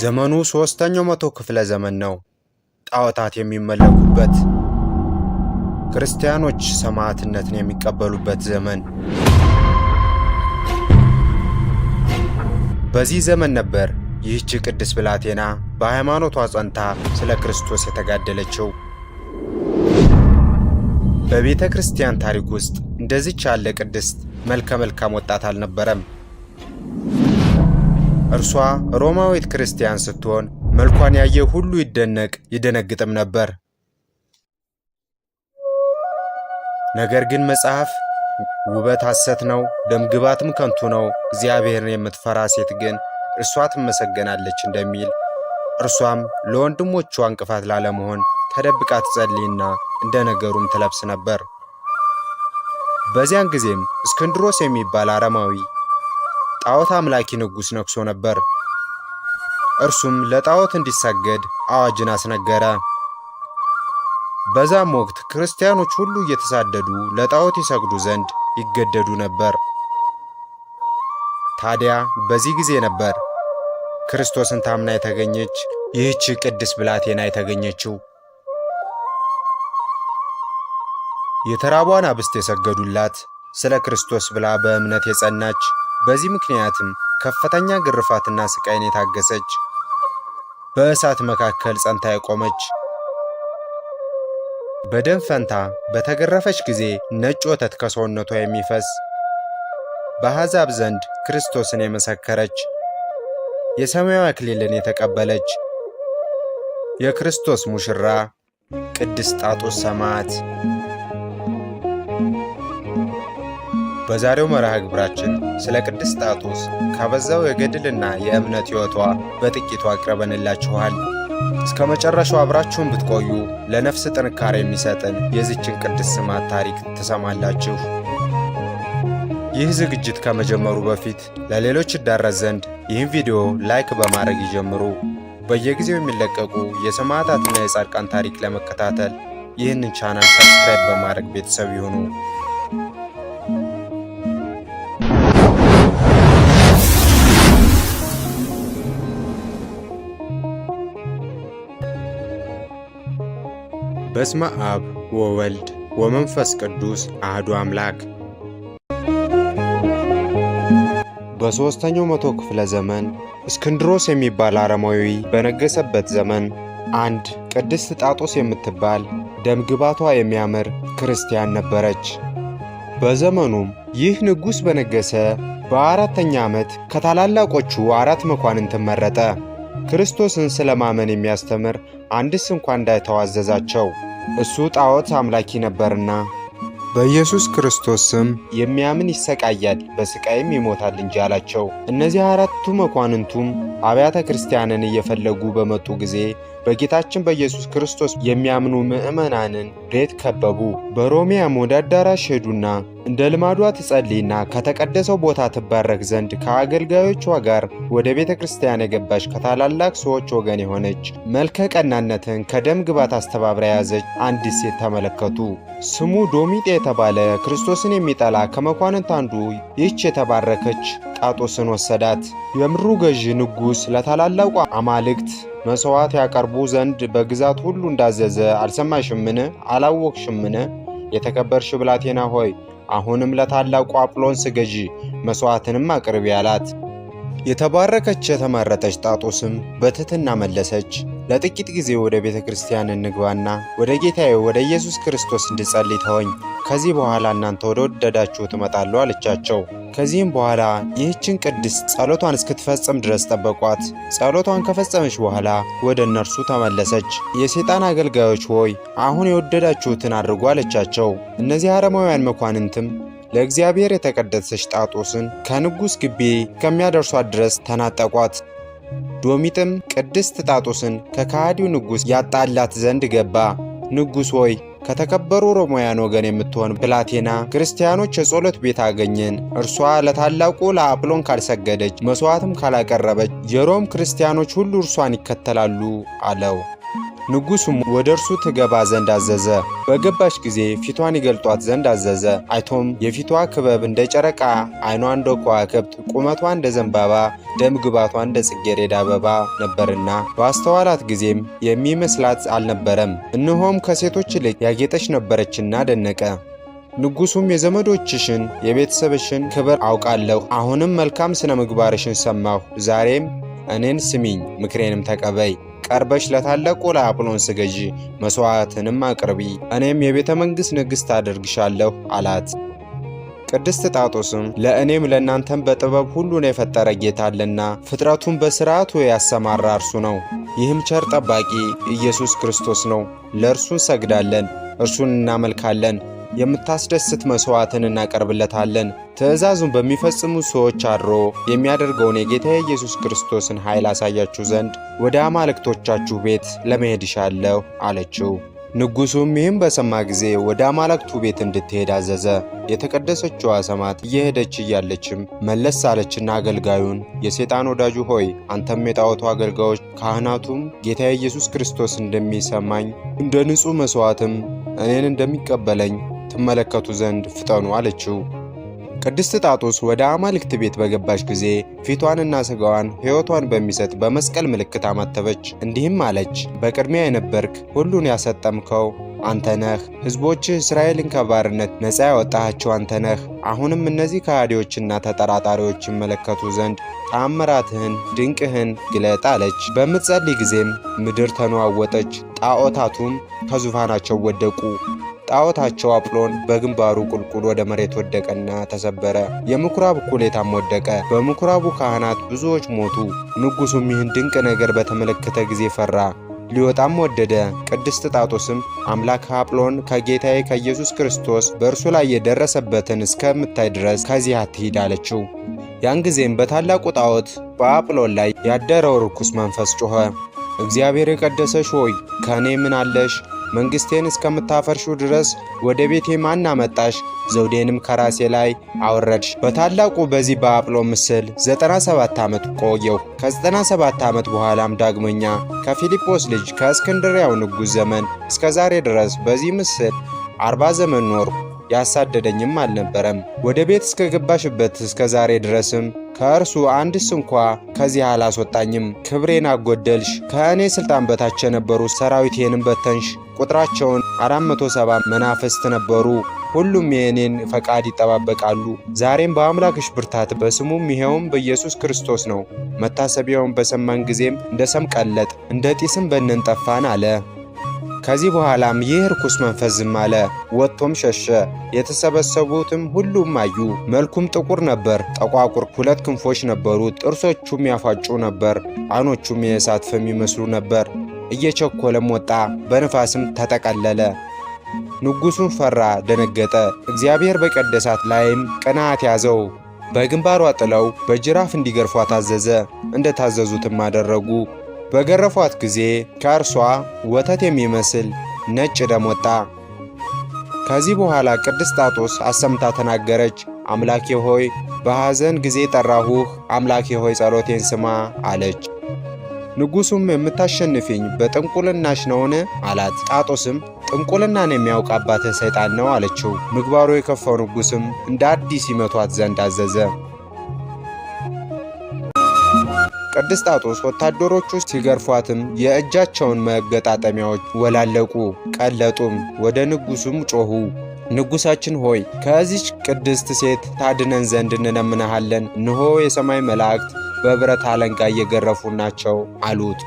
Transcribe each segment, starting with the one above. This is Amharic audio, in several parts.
ዘመኑ ሶስተኛው መቶ ክፍለ ዘመን ነው። ጣዖታት የሚመለኩበት፣ ክርስቲያኖች ሰማዕትነትን የሚቀበሉበት ዘመን። በዚህ ዘመን ነበር ይህች ቅድስት ብላቴና በሃይማኖቷ ጸንታ ስለ ክርስቶስ የተጋደለችው። በቤተ ክርስቲያን ታሪክ ውስጥ እንደዚች ያለ ቅድስት መልከ መልካም ወጣት አልነበረም። እርሷ ሮማዊት ክርስቲያን ስትሆን መልኳን ያየ ሁሉ ይደነቅ ይደነግጥም ነበር። ነገር ግን መጽሐፍ ውበት ሐሰት ነው፣ ደም ግባትም ከንቱ ነው፣ እግዚአብሔርን የምትፈራ ሴት ግን እርሷ ትመሰገናለች እንደሚል እርሷም ለወንድሞቿ እንቅፋት ላለመሆን ተደብቃ ትጸልይና እንደ ነገሩም ትለብስ ነበር። በዚያን ጊዜም እስክንድሮስ የሚባል አረማዊ ጣዖት አምላኪ ንጉሥ ነግሶ ነበር። እርሱም ለጣዖት እንዲሰገድ አዋጅን አስነገረ። በዛም ወቅት ክርስቲያኖች ሁሉ እየተሳደዱ ለጣዖት ይሰግዱ ዘንድ ይገደዱ ነበር። ታዲያ በዚህ ጊዜ ነበር ክርስቶስን ታምና የተገኘች ይህች ቅድስት ብላቴና የተገኘችው። የተራቧን አብስት የሰገዱላት ስለ ክርስቶስ ብላ በእምነት የጸናች በዚህ ምክንያትም ከፍተኛ ግርፋትና ስቃይን የታገሰች በእሳት መካከል ጸንታ የቆመች በደም ፈንታ በተገረፈች ጊዜ ነጭ ወተት ከሰውነቷ የሚፈስ በአሕዛብ ዘንድ ክርስቶስን የመሰከረች የሰማያዊ አክሊልን የተቀበለች የክርስቶስ ሙሽራ ቅድስት ጣጦስ ሰማዕት በዛሬው መርሃ ግብራችን ስለ ቅድስት ጣቶስ ካበዛው የገድልና የእምነት ሕይወቷ በጥቂቱ አቅርበንላችኋል። እስከ መጨረሻው አብራችሁን ብትቆዩ ለነፍስ ጥንካሬ የሚሰጥን የዚችን ቅድስት ስማት ታሪክ ትሰማላችሁ። ይህ ዝግጅት ከመጀመሩ በፊት ለሌሎች ይዳረስ ዘንድ ይህን ቪዲዮ ላይክ በማድረግ ይጀምሩ። በየጊዜው የሚለቀቁ የሰማዕታትና የጻድቃን ታሪክ ለመከታተል ይህንን ቻናል ሰብስክራይብ በማድረግ ቤተሰብ ይሁኑ። በስመ አብ ወወልድ ወመንፈስ ቅዱስ አህዱ አምላክ። በሦስተኛው መቶ ክፍለ ዘመን እስክንድሮስ የሚባል አረማዊ በነገሰበት ዘመን አንድ ቅድስት ጣጦስ የምትባል ደምግባቷ የሚያምር ክርስቲያን ነበረች። በዘመኑም ይህ ንጉሥ በነገሰ በአራተኛ ዓመት ከታላላቆቹ አራት መኳንንትን መረጠ። ክርስቶስን ስለ ማመን የሚያስተምር አንድስ እንኳ እንዳይተዋዘዛቸው እሱ ጣዖት አምላኪ ነበርና። በኢየሱስ ክርስቶስ ስም የሚያምን ይሰቃያል በስቃይም ይሞታል እንጂ አላቸው። እነዚህ አራቱ መኳንንቱም አብያተ ክርስቲያንን እየፈለጉ በመጡ ጊዜ በጌታችን በኢየሱስ ክርስቶስ የሚያምኑ ምዕመናንን ሬት ከበቡ። በሮሚያም ወደ አዳራሽ ሄዱና እንደ ልማዷ ትጸልይና ከተቀደሰው ቦታ ትባረክ ዘንድ ከአገልጋዮቿ ጋር ወደ ቤተ ክርስቲያን የገባች ከታላላቅ ሰዎች ወገን የሆነች መልከ ቀናነትን ከደም ግባት አስተባብራ የያዘች አንዲት ሴት ተመለከቱ። ስሙ ዶሚጤ የተባለ ክርስቶስን የሚጠላ ከመኳንንት አንዱ ይህች የተባረከች ጣጦስን ወሰዳት። የምድሩ ገዢ ንጉሥ ለታላላቁ አማልክት መሥዋዕት ያቀርቡ ዘንድ በግዛት ሁሉ እንዳዘዘ አልሰማሽምን? አላወቅሽምን? የተከበርሽ ብላቴና ሆይ አሁንም ለታላቁ አጵሎን ስገዢ መሥዋዕትንም አቅርቢ አላት። የተባረከች የተመረጠች ጣጡስም በትሕትና መለሰች። ለጥቂት ጊዜ ወደ ቤተ ክርስቲያን እንግባና ወደ ጌታዬ ወደ ኢየሱስ ክርስቶስ እንድጸልይ ተወኝ፣ ከዚህ በኋላ እናንተ ወደ ወደዳችሁ ትመጣሉ አለቻቸው። ከዚህም በኋላ ይህችን ቅድስት ጸሎቷን እስክትፈጽም ድረስ ጠበቋት። ጸሎቷን ከፈጸመች በኋላ ወደ እነርሱ ተመለሰች። የሰይጣን አገልጋዮች ሆይ አሁን የወደዳችሁትን አድርጉ አለቻቸው። እነዚህ አረማውያን መኳንንትም ለእግዚአብሔር የተቀደሰች ጣጦስን ከንጉሥ ግቢ ከሚያደርሷት ድረስ ተናጠቋት። ዶሚጥም ቅድስት ጣጡስን ከከሃዲው ንጉሥ ያጣላት ዘንድ ገባ። ንጉሥ ሆይ ከተከበሩ ሮማውያን ወገን የምትሆን ብላቴና ክርስቲያኖች የጸሎት ቤት አገኘን። እርሷ ለታላቁ ለአፕሎን ካልሰገደች፣ መሥዋዕትም ካላቀረበች የሮም ክርስቲያኖች ሁሉ እርሷን ይከተላሉ አለው። ንጉሱም ወደ እርሱ ትገባ ዘንድ አዘዘ። በገባች ጊዜ ፊቷን ይገልጧት ዘንድ አዘዘ። አይቶም የፊቷ ክበብ እንደ ጨረቃ፣ አይኗ እንደ ከዋክብት፣ ቁመቷ እንደ ዘንባባ፣ ደም ግባቷ እንደ ጽጌረዳ አበባ ነበርና በአስተዋላት ጊዜም የሚመስላት አልነበረም። እነሆም ከሴቶች ይልቅ ያጌጠች ነበረችና ደነቀ። ንጉሱም የዘመዶችሽን የቤተሰብሽን ክብር አውቃለሁ፣ አሁንም መልካም ስነ ምግባርሽን ሰማሁ። ዛሬም እኔን ስሚኝ፣ ምክሬንም ተቀበይ ቀርበሽ ለታላቁ ለአጵሎን ስገዢ፣ መሥዋዕትንም አቅርቢ፣ እኔም የቤተ መንግሥት ንግሥት አደርግሻለሁ አላት። ቅድስት ጣጦስም ለእኔም ለእናንተም በጥበብ ሁሉን የፈጠረ ጌታ አለና ፍጥረቱን በሥርዓቱ ያሰማራ እርሱ ነው። ይህም ቸር ጠባቂ ኢየሱስ ክርስቶስ ነው። ለእርሱ እንሰግዳለን፣ እርሱን እናመልካለን የምታስደስት መስዋዕትን እናቀርብለታለን። ትእዛዙን በሚፈጽሙ ሰዎች አድሮ የሚያደርገውን የጌታ የኢየሱስ ክርስቶስን ኃይል አሳያችሁ ዘንድ ወደ አማልክቶቻችሁ ቤት ለመሄድ ይሻለሁ አለችው። ንጉሱም ይህም በሰማ ጊዜ ወደ አማልክቱ ቤት እንድትሄድ አዘዘ። የተቀደሰችዋ ሰማዕት እየሄደች እያለችም መለስ አለችና አገልጋዩን የሰይጣን ወዳጁ ሆይ አንተም የጣዖቱ አገልጋዮች ካህናቱም ጌታ ኢየሱስ ክርስቶስ እንደሚሰማኝ እንደ ንጹሕ መሥዋዕትም እኔን እንደሚቀበለኝ ትመለከቱ ዘንድ ፍጠኑ አለችው። ቅድስት ጣጡስ ወደ አማልክት ቤት በገባች ጊዜ ፊቷንና ስጋዋን ሕይወቷን በሚሰጥ በመስቀል ምልክት አማተበች። እንዲህም አለች፣ በቅድሚያ የነበርክ ሁሉን ያሰጠምከው አንተ ነህ። ሕዝቦችህ እስራኤልን ከባርነት ነፃ ያወጣሃቸው አንተ ነህ። አሁንም እነዚህ ከሃዲዎችና ተጠራጣሪዎች ይመለከቱ ዘንድ ተአምራትህን፣ ድንቅህን ግለጥ አለች። በምትጸልይ ጊዜም ምድር ተነዋወጠች፣ ጣዖታቱም ከዙፋናቸው ወደቁ። ጣዖታቸው አጵሎን በግንባሩ ቁልቁል ወደ መሬት ወደቀና ተሰበረ። የምኩራብ እኩሌታም ወደቀ። በምኩራቡ ካህናት ብዙዎች ሞቱ። ንጉሱም ይህን ድንቅ ነገር በተመለከተ ጊዜ ፈራ። ሊወጣም ወደደ። ቅድስት ጣጦስም አምላክ አጵሎን ከጌታዬ ከኢየሱስ ክርስቶስ በእርሱ ላይ የደረሰበትን እስከምታይ ድረስ ከዚህ አትሂድ አለችው። ያን ጊዜም በታላቁ ጣዖት በአጵሎን ላይ ያደረው ርኩስ መንፈስ ጮኸ፣ እግዚአብሔር የቀደሰሽ ሆይ ከእኔ ምን አለሽ? መንግስቴን እስከምታፈርሹ ድረስ ወደ ቤቴ ማን አመጣሽ? ዘውዴንም ከራሴ ላይ አወረድሽ። በታላቁ በዚህ በአጵሎ ምስል 97 ዓመት ቆየሁ። ከ97 ዓመት በኋላም ዳግመኛ ከፊልጶስ ልጅ ከእስክንድሪያው ንጉሥ ዘመን እስከ ዛሬ ድረስ በዚህ ምስል 40 ዘመን ኖርሁ። ያሳደደኝም አልነበረም። ወደ ቤት እስከገባሽበት እስከ ዛሬ ድረስም ከእርሱ አንድስ እንኳ ከዚህ አላስወጣኝም። ክብሬን አጎደልሽ። ከእኔ ሥልጣን በታች የነበሩ ሰራዊቴንም በተንሽ። ቁጥራቸውን 470 መናፍስት ነበሩ። ሁሉም የእኔን ፈቃድ ይጠባበቃሉ። ዛሬም በአምላክሽ ብርታት በስሙም ይኸውም በኢየሱስ ክርስቶስ ነው። መታሰቢያውን በሰማን ጊዜም እንደ ሰም ቀለጥ፣ እንደ ጢስም በነን ጠፋን አለ። ከዚህ በኋላም ይህ ርኩስ መንፈስ ዝም አለ፣ ወጥቶም ሸሸ። የተሰበሰቡትም ሁሉም አዩ። መልኩም ጥቁር ነበር፣ ጠቋቁር፣ ሁለት ክንፎች ነበሩት። ጥርሶቹም ያፋጩ ነበር፣ ዓይኖቹም የእሳት ፍም ይመስሉ ነበር። እየቸኮለም ወጣ፣ በንፋስም ተጠቀለለ። ንጉሡም ፈራ፣ ደነገጠ። እግዚአብሔር በቀደሳት ላይም ቅንዓት ያዘው። በግንባሯ ጥለው በጅራፍ እንዲገርፏት አዘዘ። እንደታዘዙትም አደረጉ። በገረፏት ጊዜ ከእርሷ ወተት የሚመስል ነጭ ደም ወጣ። ከዚህ በኋላ ቅድስት ጣጦስ አሰምታ ተናገረች። አምላኬ ሆይ በሐዘን ጊዜ ጠራሁህ፣ አምላኬ ሆይ ጸሎቴን ስማ አለች። ንጉሱም የምታሸንፊኝ በጥንቁልናሽ ነውን? አላት። ጣጦስም ጥንቁልናን የሚያውቅ አባተ ሰይጣን ነው አለችው። ምግባሩ የከፋው ንጉስም እንደ አዲስ ይመቷት ዘንድ አዘዘ። ቅድስት ጣጦስ ወታደሮቹ ሲገርፏትም የእጃቸውን መገጣጠሚያዎች ወላለቁ፣ ቀለጡም። ወደ ንጉሱም ጮኹ። ንጉሳችን ሆይ ከዚች ቅድስት ሴት ታድነን ዘንድ እንለምንሃለን። እንሆ የሰማይ መላእክት በብረት አለንጋ እየገረፉ ናቸው አሉት።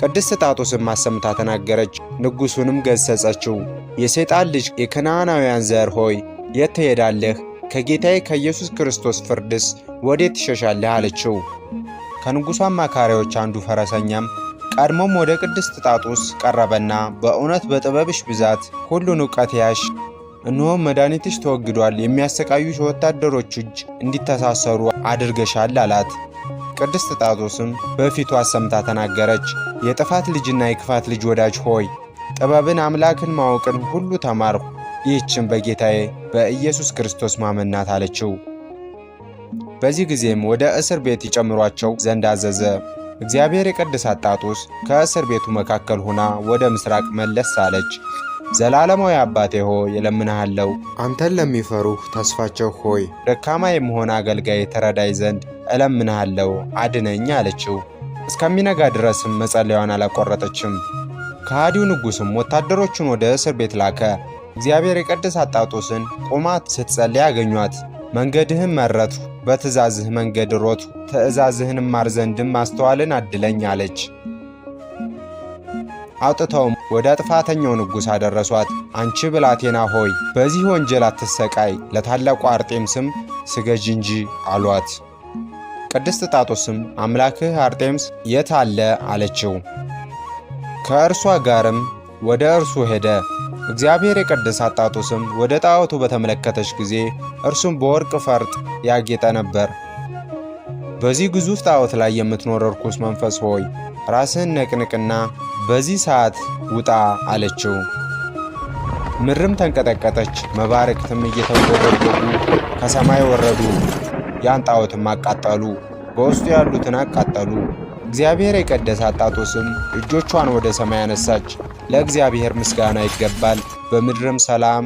ቅድስት ጣጡስን ማሰምታ ተናገረች፣ ንጉሡንም ገሰጸችው። የሰይጣን ልጅ የከነዓናውያን ዘር ሆይ የት ትሄዳለህ? ከጌታዬ ከኢየሱስ ክርስቶስ ፍርድስ ወዴት ትሸሻለህ? አለችው። ከንጉሡ አማካሪዎች አንዱ ፈረሰኛም ቀድሞም ወደ ቅድስት ጣጡስ ቀረበና በእውነት በጥበብሽ ብዛት ሁሉን እውቀት ያሽ እነሆ መድኃኒትሽ ተወግዷል፣ የሚያሰቃዩሽ ወታደሮች እጅ እንዲተሳሰሩ አድርገሻል አላት። ቅድስት ጣጦስም በፊቱ አሰምታ ተናገረች። የጥፋት ልጅና የክፋት ልጅ ወዳጅ ሆይ ጥበብን አምላክን ማወቅን ሁሉ ተማርሁ፣ ይህችን በጌታዬ በኢየሱስ ክርስቶስ ማመናት አለችው። በዚህ ጊዜም ወደ እስር ቤት ይጨምሯቸው ዘንድ አዘዘ። እግዚአብሔር የቅድስት ጣጦስ ከእስር ቤቱ መካከል ሆና ወደ ምስራቅ መለስ አለች። ዘላለማዊ አባቴ ሆይ እለምንሃለሁ፣ አንተን ለሚፈሩህ ተስፋቸው ሆይ ደካማ የመሆን አገልጋይ ተረዳይ ዘንድ እለምንሃለሁ፣ አድነኝ አለችው። እስከሚነጋ ድረስም መጸለያዋን አላቋረጠችም። ከሃዲው ንጉሥም ወታደሮቹን ወደ እስር ቤት ላከ። እግዚአብሔር የቀደሳት አጣጦስን ቆማት ስትጸልይ አገኟት። መንገድህን መረጥሁ፣ በትእዛዝህ መንገድ ሮጥሁ፣ ትእዛዝህን ማር ዘንድም ማስተዋልን አድለኝ አለች። አውጥተውም ወደ ጥፋተኛው ንጉሥ አደረሷት። አንቺ ብላቴና ሆይ በዚህ ወንጀል አትሰቃይ፣ ለታላቁ አርጤምስም ስም ስገጂ እንጂ አሏት። ቅድስት ጣጦስም አምላክህ አርጤምስ የት አለ አለችው። ከእርሷ ጋርም ወደ እርሱ ሄደ። እግዚአብሔር የቀደሳት ጣጦስም ወደ ጣዖቱ በተመለከተች ጊዜ እርሱም በወርቅ ፈርጥ ያጌጠ ነበር። በዚህ ግዙፍ ጣዖት ላይ የምትኖር እርኩስ መንፈስ ሆይ ራስህን ነቅንቅና በዚህ ሰዓት ውጣ አለችው። ምድርም ተንቀጠቀጠች። መባረክትም እየተንቦገቦጉ ከሰማይ ወረዱ። ያን አቃጠሉ፣ በውስጡ ያሉትን አቃጠሉ። እግዚአብሔር የቀደሳት ጣጦስም እጆቿን ወደ ሰማይ አነሳች። ለእግዚአብሔር ምስጋና ይገባል፣ በምድርም ሰላም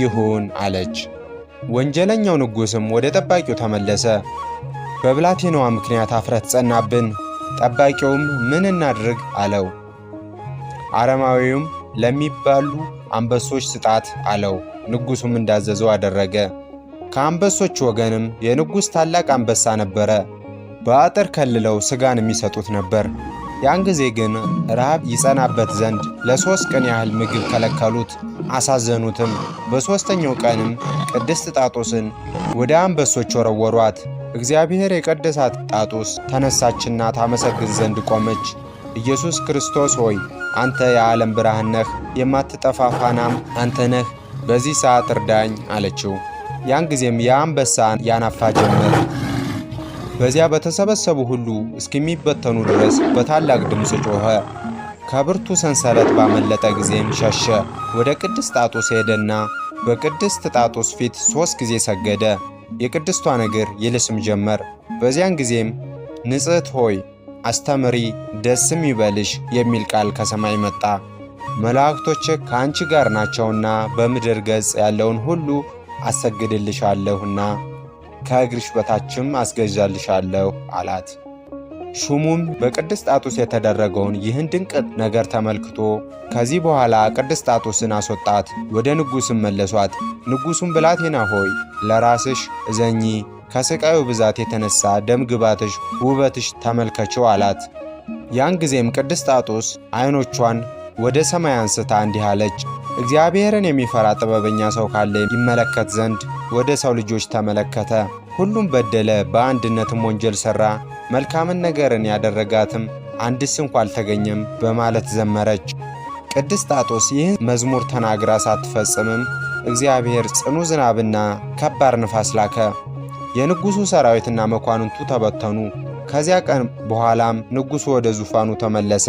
ይሁን አለች። ወንጀለኛው ንጉሥም ወደ ጠባቂው ተመለሰ። በብላቴናዋ ምክንያት አፍረት ጸናብን። ጠባቂውም ምን እናድርግ አለው። አረማዊውም ለሚባሉ አንበሶች ስጣት አለው። ንጉሱም እንዳዘዘው አደረገ። ከአንበሶች ወገንም የንጉሥ ታላቅ አንበሳ ነበረ። በአጥር ከልለው ሥጋን የሚሰጡት ነበር። ያን ጊዜ ግን ረሃብ ይጸናበት ዘንድ ለሦስት ቀን ያህል ምግብ ከለከሉት፣ አሳዘኑትም። በሦስተኛው ቀንም ቅድስት ጣጡስን ወደ አንበሶች ወረወሯት። እግዚአብሔር የቀደሳት ጣጡስ ተነሳችና ታመሰግን ዘንድ ቆመች። ኢየሱስ ክርስቶስ ሆይ አንተ የዓለም ብርሃን ነህ፣ የማትጠፋ ፋናም አንተ ነህ፣ በዚህ ሰዓት እርዳኝ አለችው። ያን ጊዜም የአንበሳ ያናፋ ጀመር። በዚያ በተሰበሰቡ ሁሉ እስከሚበተኑ ድረስ በታላቅ ድምፅ ጮኸ። ከብርቱ ሰንሰለት ባመለጠ ጊዜም ሸሸ። ወደ ቅድስት ጣጡስ ሄደና በቅድስት ጣጡስ ፊት ሦስት ጊዜ ሰገደ። የቅድስቷን እግር ይልስም ጀመር። በዚያን ጊዜም ንጽሕት ሆይ አስተምሪ ደስም ይበልሽ የሚል ቃል ከሰማይ መጣ። መላእክቶች ከአንቺ ጋር ናቸውና በምድር ገጽ ያለውን ሁሉ አሰግድልሻለሁና ከእግርሽ በታችም አስገዛልሻለሁ አላት። ሹሙም በቅድስት ጣጡስ የተደረገውን ይህን ድንቅ ነገር ተመልክቶ ከዚህ በኋላ ቅድስት ጣጡስን አስወጣት፣ ወደ ንጉሥም መለሷት። ንጉሡም ብላቴና ሆይ ለራስሽ እዘኚ ከስቃዩ ብዛት የተነሳ ደም ግባትሽ፣ ውበትሽ ተመልከችው አላት። ያን ጊዜም ቅድስት ጣጦስ አይኖቿን ወደ ሰማይ አንስታ እንዲህ አለች፣ እግዚአብሔርን የሚፈራ ጥበበኛ ሰው ካለ ይመለከት ዘንድ ወደ ሰው ልጆች ተመለከተ። ሁሉም በደለ፣ በአንድነትም ወንጀል ሠራ፣ መልካምን ነገርን ያደረጋትም አንድስ እንኳ አልተገኘም በማለት ዘመረች። ቅድስት ጣጦስ ይህን መዝሙር ተናግራ ሳትፈጽምም እግዚአብሔር ጽኑ ዝናብና ከባድ ንፋስ ላከ። የንጉሱ ሰራዊትና መኳንንቱ ተበተኑ። ከዚያ ቀን በኋላም ንጉሱ ወደ ዙፋኑ ተመለሰ።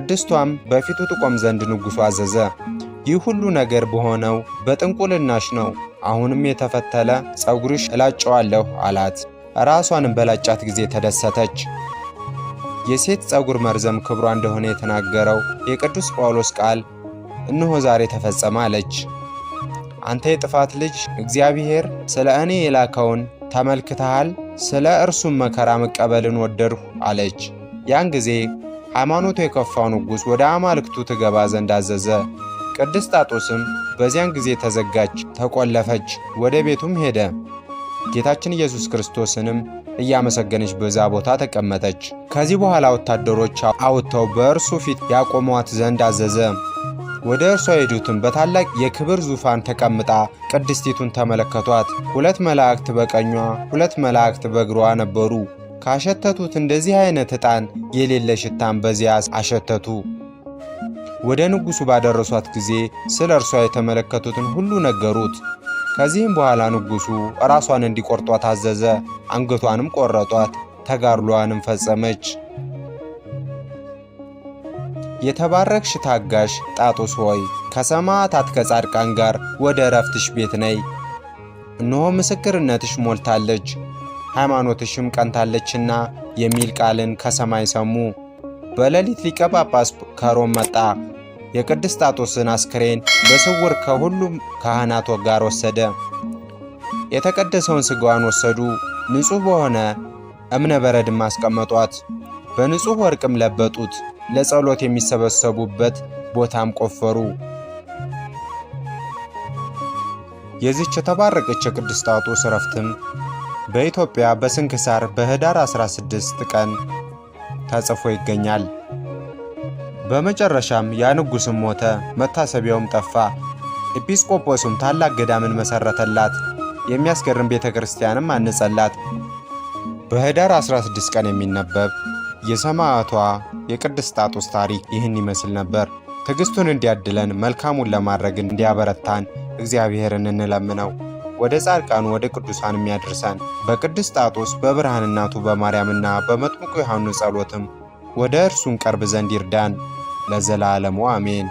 ቅድስቷም በፊቱ ጥቆም ዘንድ ንጉሱ አዘዘ። ይህ ሁሉ ነገር በሆነው በጥንቁልናሽ ነው። አሁንም የተፈተለ ጸጉርሽ እላጨዋለሁ አላት። ራሷንም በላጫት ጊዜ ተደሰተች። የሴት ጸጉር መርዘም ክብሯ እንደሆነ የተናገረው የቅዱስ ጳውሎስ ቃል እነሆ ዛሬ ተፈጸመ አለች። አንተ የጥፋት ልጅ እግዚአብሔር ስለ እኔ የላከውን ተመልክተሃል፣ ስለ እርሱም መከራ መቀበልን ወደድሁ አለች። ያን ጊዜ ሃይማኖቱ የከፋው ንጉሥ ወደ አማልክቱ ትገባ ዘንድ አዘዘ። ቅድስት ጣጦስም በዚያን ጊዜ ተዘጋች፣ ተቆለፈች። ወደ ቤቱም ሄደ። ጌታችን ኢየሱስ ክርስቶስንም እያመሰገነች በዛ ቦታ ተቀመጠች። ከዚህ በኋላ ወታደሮች አውጥተው በእርሱ ፊት ያቆሟት ዘንድ አዘዘ። ወደ እርሷ የሄዱትም በታላቅ የክብር ዙፋን ተቀምጣ ቅድስቲቱን ተመለከቷት። ሁለት መላእክት በቀኟ ሁለት መላእክት በግሯ ነበሩ። ካሸተቱት እንደዚህ አይነት ዕጣን የሌለ ሽታን በዚያ አሸተቱ። ወደ ንጉሡ ባደረሷት ጊዜ ስለ እርሷ የተመለከቱትን ሁሉ ነገሩት። ከዚህም በኋላ ንጉሡ ራሷን እንዲቆርጧት አዘዘ። አንገቷንም ቆረጧት። ተጋድሏንም ፈጸመች። የተባረክሽ ታጋሽ ጣጡስ ሆይ ከሰማዕታት ከጻድቃን ጋር ወደ እረፍትሽ ቤት ነይ። እነሆ ምስክርነትሽ ሞልታለች፣ ሃይማኖትሽም ቀንታለችና የሚል ቃልን ከሰማይ ሰሙ። በሌሊት ሊቀ ጳጳስ ከሮም መጣ። የቅድስት ጣጡስን አስክሬን በስውር ከሁሉም ካህናት ጋር ወሰደ። የተቀደሰውን ሥጋዋን ወሰዱ። ንጹሕ በሆነ እብነ በረድም አስቀመጧት፣ በንጹሕ ወርቅም ለበጡት። ለጸሎት የሚሰበሰቡበት ቦታም ቆፈሩ። የዚች የተባረቀች የቅድስት ጣጡስ ዕረፍትም በኢትዮጵያ በስንክሳር በኅዳር 16 ቀን ተጽፎ ይገኛል። በመጨረሻም ያ ንጉሥም ሞተ፣ መታሰቢያውም ጠፋ። ኤጲስቆጶሱም ታላቅ ገዳምን መሠረተላት፣ የሚያስገርም ቤተ ክርስቲያንም አነጸላት። በኅዳር 16 ቀን የሚነበብ የሰማዕቷ የቅድስት ጣጡስ ታሪክ ይህን ይመስል ነበር። ትዕግስቱን እንዲያድለን መልካሙን ለማድረግ እንዲያበረታን እግዚአብሔርን እንለምነው። ወደ ጻድቃን ወደ ቅዱሳን የሚያደርሰን በቅድስት ጣጡስ በብርሃን እናቱ በማርያምና በመጥምቁ ዮሐንስ ጸሎትም ወደ እርሱን ቀርብ ዘንድ ይርዳን። ለዘላለሙ አሜን።